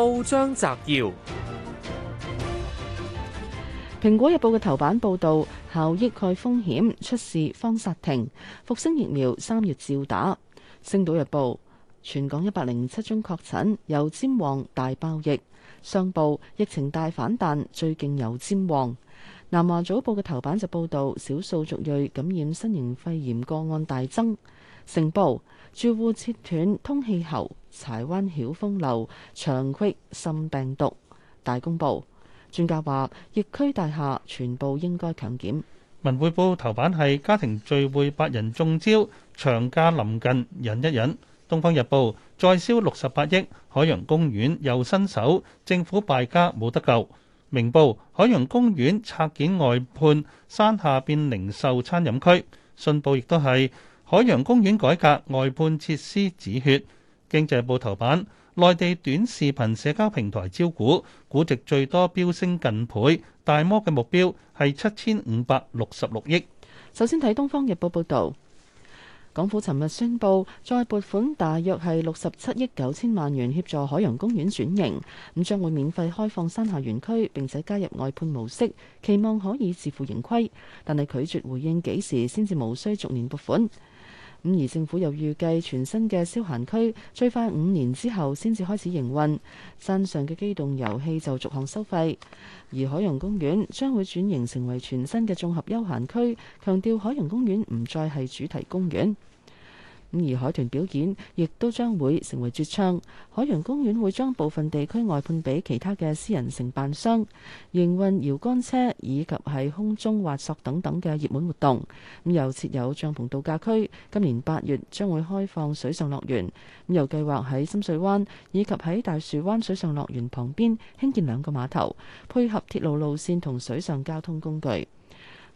報章摘要：蘋果日報嘅頭版報道，效益蓋風險，出事方剎停；復星疫苗三月照打。星島日報：全港一百零七宗確診，油尖旺大爆疫。上報：疫情大反彈，最勁油尖旺。南華早報嘅頭版就報道，少數族裔感染新型肺炎個案大增。《成報》住戶切斷通氣喉，柴灣曉風樓，長崎心病毒《大公報》。專家話疫區大廈全部應該強檢。《文匯報》頭版係家庭聚會八人中招，長假臨近忍一忍。《東方日報》再銷六十八億，海洋公園又伸手，政府敗家冇得救。《明報》海洋公園拆建外判，山下變零售餐飲區。《信報》亦都係。海洋公園改革外判設施止血。經濟報頭版，內地短視頻社交平台招股，估值最多飆升近倍，大摩嘅目標係七千五百六十六億。首先睇《東方日報》報導，港府尋日宣佈再撥款大約係六十七億九千萬元協助海洋公園轉型，咁將會免費開放山下園區，並且加入外判模式，期望可以自負盈虧，但係拒絕回應幾時先至無需逐年撥款。咁而政府又預計全新嘅消閒區最快五年之後先至開始營運，山上嘅機動遊戲就逐項收費，而海洋公園將會轉型成為全新嘅綜合休閒區，強調海洋公園唔再係主題公園。咁而海豚表演亦都將會成為絕唱。海洋公園會將部分地區外判俾其他嘅私人承辦商，營運搖桿車以及喺空中滑索等等嘅熱門活動，咁又設有帳篷度假區，今年八月將會開放水上樂園，咁又計劃喺深水灣以及喺大樹灣水上樂園旁邊興建兩個碼頭，配合鐵路路線同水上交通工具。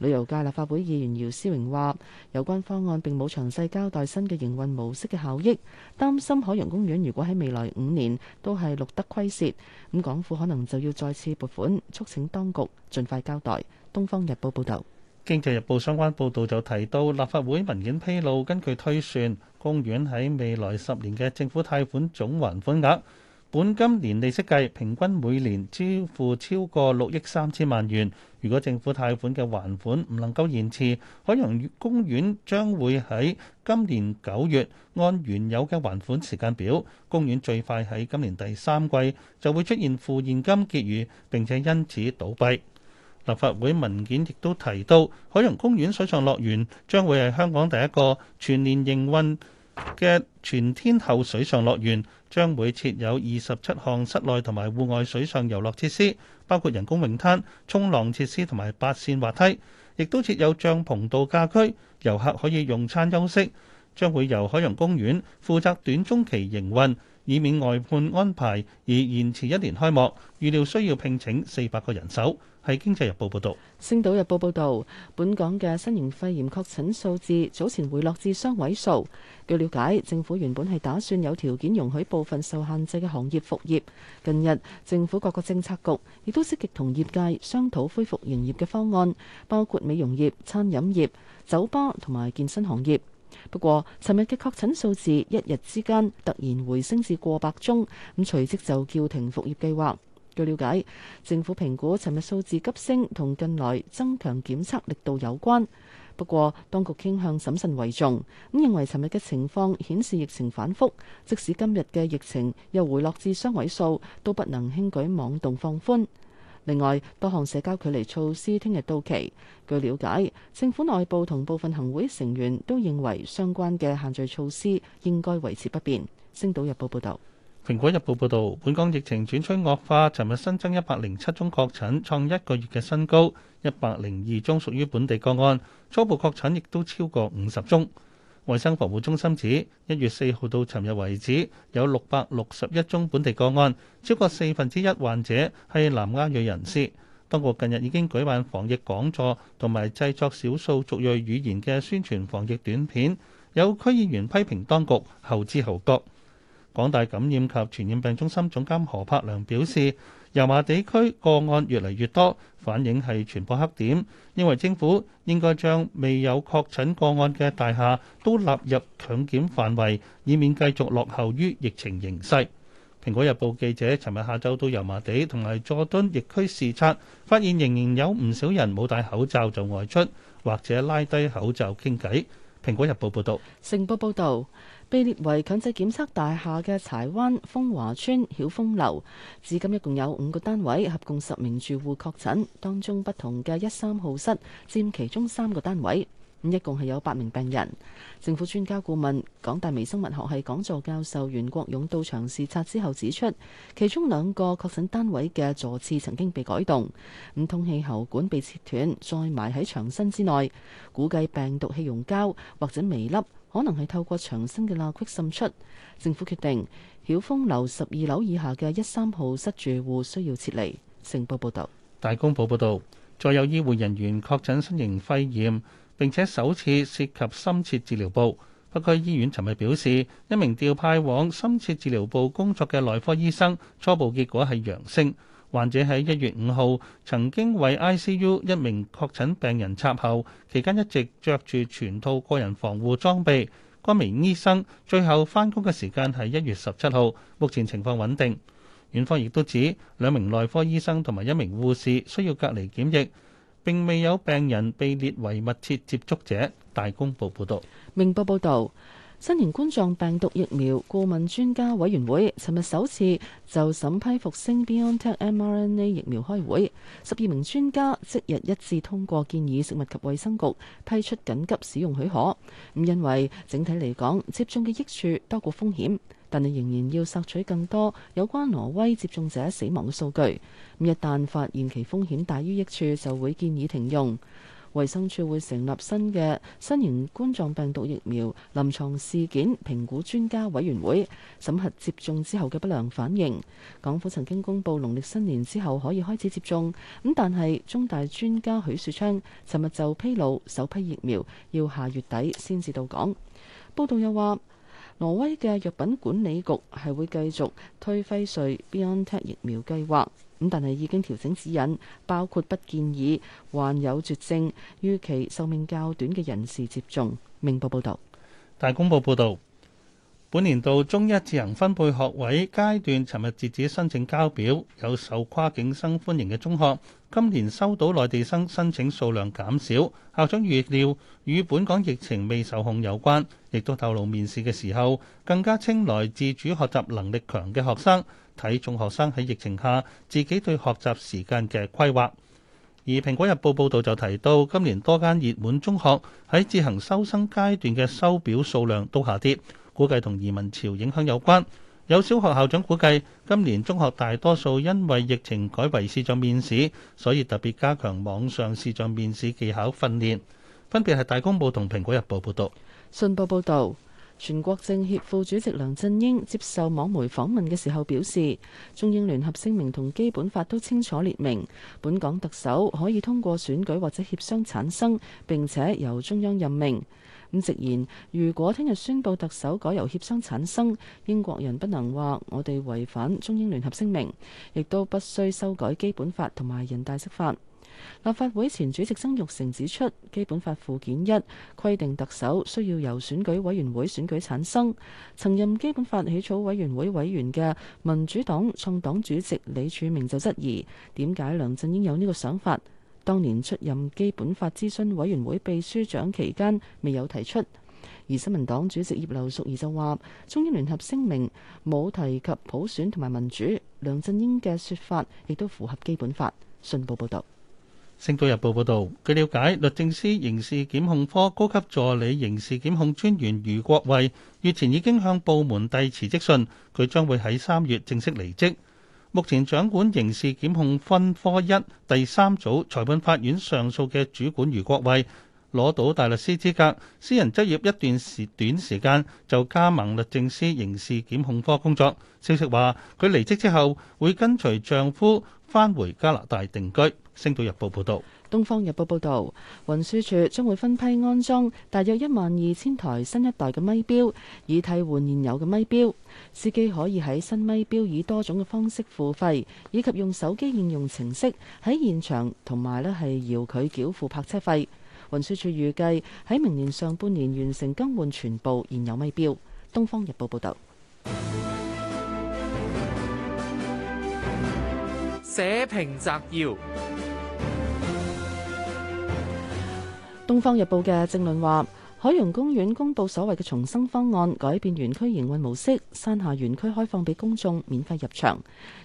旅遊界立法會議員姚思榮話，有關方案並冇詳細交代新嘅營運模式嘅效益，擔心海洋公園如果喺未來五年都係錄得虧蝕，咁港府可能就要再次撥款，促請當局盡快交代。《東方日報》報道，《經濟日報》相關報道就提到，立法會文件披露，根據推算，公園喺未來十年嘅政府貸款總還款額。本金年利息計，平均每年支付超過六億三千萬元。如果政府貸款嘅還款唔能夠延遲，海洋公園將會喺今年九月按原有嘅還款時間表，公園最快喺今年第三季就會出現負現金結餘，並且因此倒閉。立法會文件亦都提到，海洋公園水上樂園將會係香港第一個全年營運嘅全天候水上樂園將會設有二十七項室內同埋戶外水上遊樂設施，包括人工泳灘、沖浪設施同埋八線滑梯，亦都設有帳篷度假區，遊客可以用餐休息，將會由海洋公園負責短中期營運。以免外判安排而延遲一年開幕，預料需要聘請四百個人手。係《經濟日報》報道。星島日報報道，本港嘅新型肺炎確診數字早前回落至雙位數，據了解，政府原本係打算有條件容許部分受限制嘅行業復業，近日，政府各個政策局亦都積極同業界商討恢復營業嘅方案，包括美容業、餐飲業、酒吧同埋健身行業。不過，尋日嘅確診數字一日之間突然回升至過百宗，咁隨即就叫停復業計劃。據了解，政府評估尋日數字急升同近來增強檢測力度有關。不過，當局傾向審慎為重，咁認為尋日嘅情況顯示疫情反覆，即使今日嘅疫情又回落至雙位數，都不能輕舉妄動放寬。另外，多項社交距離措施聽日到期。據了解，政府內部同部分行會成員都認為相關嘅限聚措施應該維持不變。星島日報報道，蘋果日報報道，本港疫情轉趨惡化，尋日新增一百零七宗確診，創一個月嘅新高，一百零二宗屬於本地個案，初步確診亦都超過五十宗。衞生防護中心指，一月四號到尋日為止，有六百六十一宗本地個案，超過四分之一患者係南亞裔人士。當局近日已經舉辦防疫講座同埋製作少數族裔語言嘅宣傳防疫短片。有區議員批評當局後知後覺。港大感染及傳染病中心總監何柏良表示，油麻地區個案越嚟越多，反映係傳播黑點，認為政府應該將未有確診個案嘅大廈都納入強檢範圍，以免繼續落後於疫情形勢。《蘋果日報》記者尋日下晝到油麻地同埋佐敦疫區視察，發現仍然有唔少人冇戴口罩就外出，或者拉低口罩傾偈。《蘋果日報》報道，成報報導。被列為強制檢測大廈嘅柴灣峰華邨曉峰樓，至今一共有五個單位合共十名住戶確診，當中不同嘅一三號室佔其中三個單位，咁一共係有八名病人。政府專家顧問、港大微生物學系講座教授袁國勇到場視察之後指出，其中兩個確診單位嘅座廁曾經被改動，咁通氣喉管被切斷，再埋喺牆身之內，估計病毒氣溶膠或者微粒，可能係透過牆身嘅罅隙滲出，政府決定曉峰樓十二樓以下嘅一三號室住戶需要撤離。成報報道。大公報報導，再有醫護人員確診新型肺炎，並且首次涉及深切治療部。北區醫院尋日表示，一名調派往深切治療部工作嘅內科醫生，初步結果係陽性。患者喺一月五號曾經為 I C U 一名確診病人插喉，期間一直着住全套個人防護裝備。該名醫生最後返工嘅時間係一月十七號，目前情況穩定。院方亦都指兩名內科醫生同埋一名護士需要隔離檢疫，並未有病人被列為密切接觸者。大公報報道。明報報導。新型冠狀病毒疫苗顧問專家委員會尋日首次就審批復星 BioNTech mRNA 疫苗開會，十二名專家即日一致通過建議食物及衛生局批出緊急使用許可。咁因為整體嚟講，接種嘅益處多過風險，但係仍然要索取更多有關挪威接種者死亡嘅數據。咁一旦發現其風險大於益處，就會建議停用。衛生署會成立新嘅新型冠狀病毒疫苗臨床事件評估專家委員會，審核接種之後嘅不良反應。港府曾經公布農曆新年之後可以開始接種，咁但係中大專家許樹昌尋日就披露，首批疫苗要下月底先至到港。報道又話：挪威嘅藥品管理局係會繼續推輝瑞 BioNTech 疫苗計劃，咁但係已經調整指引，包括不建議患有絕症、預期壽命較短嘅人士接種。明報報道。《大公報》報道：本年度中一自行分配學位階段，尋日截止申請交表，有受跨境生歡迎嘅中學。今年收到內地生申請數量減少，校長預料與本港疫情未受控有關，亦都透露面試嘅時候更加青睞自主學習能力強嘅學生，睇重學生喺疫情下自己對學習時間嘅規劃。而《蘋果日報》報導就提到，今年多間熱門中學喺自行收生階段嘅收表數量都下跌，估計同移民潮影響有關。有小學校長估計，今年中學大多數因為疫情改為視像面試，所以特別加強網上視像面試技巧訓練。分別係《大公報》同《蘋果日報》報道。信報報導，全國政協副主席梁振英接受網媒訪問嘅時候表示，中英聯合聲明同基本法都清楚列明，本港特首可以通過選舉或者協商產生，並且由中央任命。咁直言，如果聽日宣布特首改由協商產生，英國人不能話我哋違反中英聯合聲明，亦都不需修改基本法同埋人大釋法。立法會前主席曾鈺成指出，基本法附件一規定特首需要由選舉委員會選舉產生。曾任基本法起草委員會委員嘅民主黨創黨主席李柱銘就質疑，點解梁振英有呢個想法？當年出任基本法諮詢委員會秘書長期間，未有提出。而新民黨主席葉劉淑儀就話：中英聯合聲明冇提及普選同埋民主，梁振英嘅説法亦都符合基本法。信報報導，《星島日報》報導，據瞭解，律政司刑事檢控科高級助理刑事檢控專員余國衛月前已經向部門遞辭職信，佢將會喺三月正式離職。目前掌管刑事檢控分科一第三組裁判法院上訴嘅主管余國衛。攞到大律師資格，私人執業一段時短時間就加盟律政司刑事檢控科工作。消息話佢離職之後會跟隨丈夫返回，回加拿大定居。《星島日報》報導，《東方日報》報導，運輸署將會分批安裝大約一萬二千台新一代嘅咪標，以替換現有嘅咪標。司機可以喺新咪標以多種嘅方式付費，以及用手機應用程式喺現場同埋咧係遙距繳付泊車費。運輸署預計喺明年上半年完成更換全部現有咪標。東方日報報道。社評摘要。東方日報嘅政論話。海洋公園公布所謂嘅重生方案，改變園區營運模式，山下園區開放俾公眾免費入場。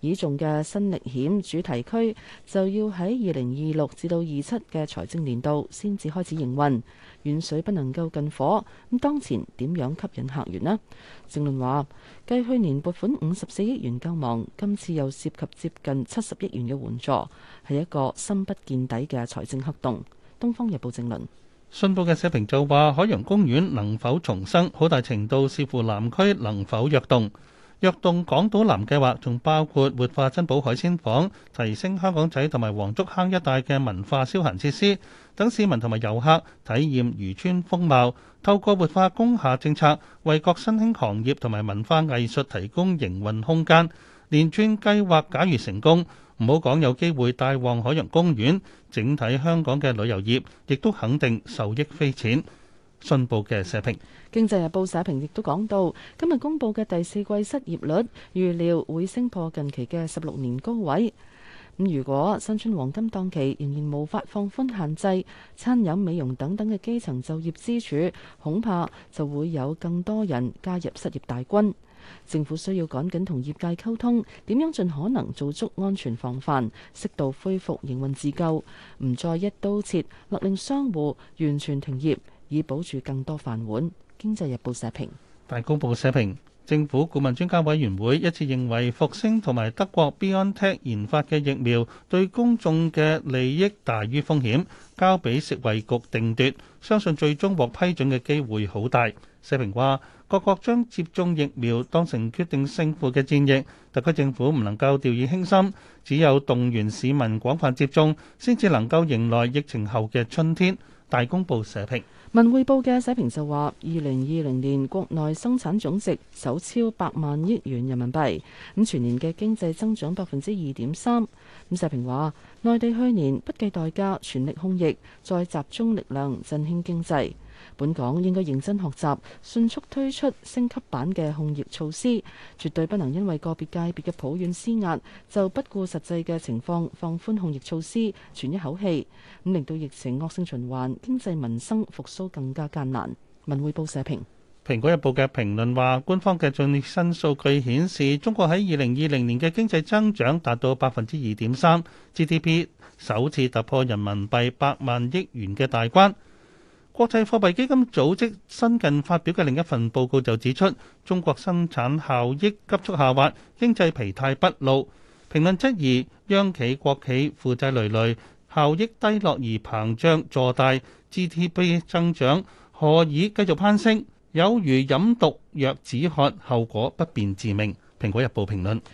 以重嘅新歷險主題區就要喺二零二六至到二七嘅財政年度先至開始營運。遠水不能夠近火，咁當前點樣吸引客源呢？正論話，繼去年撥款五十四億元救亡，今次又涉及接近七十億元嘅援助，係一個深不見底嘅財政黑洞。《東方日報》正論。信報嘅社評就話：海洋公園能否重生，好大程度視乎南區能否躍動。躍動港島南計劃仲包括活化珍寶海鮮舫，提升香港仔同埋黃竹坑一帶嘅文化消閒設施，等市民同埋遊客體驗漁村風貌。透過活化工廈政策，為各新興行業同埋文化藝術提供營運空間。連串計劃假如成功。唔好講有機會帶旺海洋公園，整體香港嘅旅遊業亦都肯定受益匪淺。信報嘅社評，《經濟日報》社評亦都講到，今日公佈嘅第四季失業率預料會升破近期嘅十六年高位。咁如果新春黃金檔期仍然無法放寬限制，餐飲、美容等等嘅基層就業支柱，恐怕就會有更多人加入失業大軍。政府需要趕緊同業界溝通，點樣盡可能做足安全防範，適度恢復營運自救，唔再一刀切，勒令商戶完全停業，以保住更多飯碗。經濟日報社評，大公報社評，政府顧問專家委員會一致認為，復星同埋德國 BioNTech 研發嘅疫苗對公眾嘅利益大於風險，交俾食衛局定奪，相信最終獲批准嘅機會好大。社評話。各國將接種疫苗當成決定勝負嘅戰役，特區政府唔能夠掉以輕心，只有動員市民廣泛接種，先至能夠迎來疫情後嘅春天。大公報社評，文匯報嘅社評就話，二零二零年國內生產總值首超百萬億元人民幣，咁全年嘅經濟增長百分之二點三。咁社評話，內地去年不計代價全力控疫，再集中力量振興經濟。本港應該認真學習，迅速推出升級版嘅控疫措施，絕對不能因為個別界別嘅抱怨施壓，就不顧實際嘅情況放寬控疫措施，喘一口氣，咁令到疫情惡性循環，經濟民生復甦更加艱難。文匯報社評。《蘋果日報》嘅評論話，官方嘅最新數據顯示，中國喺二零二零年嘅經濟增長達到百分之二點三，GDP 首次突破人民幣百萬億元嘅大關。國際貨幣基金組織新近發表嘅另一份報告就指出，中國生產效益急速下滑，經濟疲態不露。評論質疑央企國企負債累累，效益低落而膨脹坐大 GDP 增長，何以繼續攀升？有如飲毒藥止渴，後果不便致命。《蘋果日報》評論。